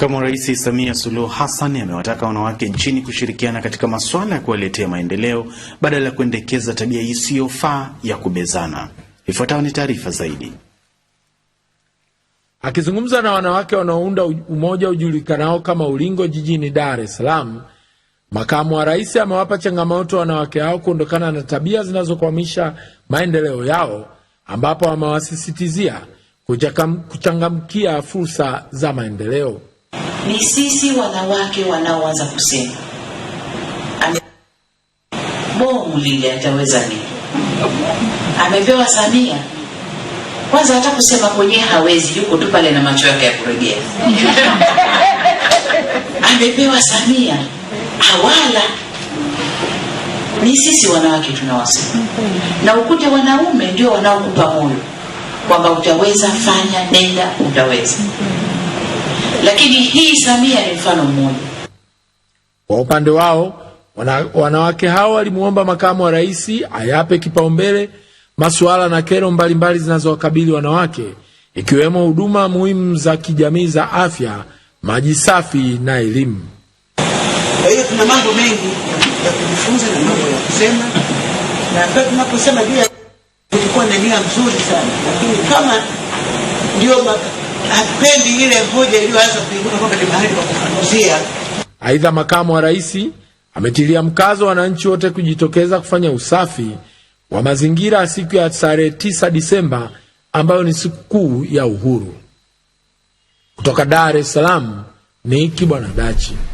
Makamu wa Rais Samia Suluhu Hassan amewataka wanawake nchini kushirikiana katika masuala ya kuwaletea maendeleo badala ya kuendekeza tabia isiyofaa ya kubezana. Ifuatayo ni taarifa zaidi. Akizungumza na wanawake wanaounda umoja ujulikanao kama Ulingo jijini Dar es Salaam, makamu wa rais amewapa changamoto wanawake hao kuondokana na tabia zinazokwamisha maendeleo yao, ambapo amewasisitizia kuchangamkia fursa za maendeleo ni sisi wanawake wanaoanza kusema bomu lile ataweza nini? Amepewa Samia kwanza, hata kusema kwenye hawezi, yuko tu pale na macho yake ya kurejea. Amepewa Samia awala Ni sisi wanawake tunawasema, na ukute wanaume ndio wanaokupa moyo kwamba utaweza, fanya, nenda, utaweza lakini hii Samia ni mfano mmoja. Kwa upande wao wana, wanawake hao walimwomba makamu wa rais ayape kipaumbele masuala na kero mbalimbali zinazowakabili wanawake ikiwemo huduma muhimu za kijamii za afya, maji safi na elimu. Kwa hiyo tuna mambo mengi ya kujifunza na mambo ya kusema, na pia tunaposema juu ya ilikuwa na nia nzuri sana, lakini kama ndio hapendi ile hoja iliyoanza kuinuka kwamba ni mahali pa kufanuzia. Aidha, makamu wa rais ametilia mkazo wananchi wote kujitokeza kufanya usafi wa mazingira siku ya tarehe 9 Disemba ambayo ni sikukuu ya uhuru. Kutoka Dar es Salaam ni Kibwana Dachi.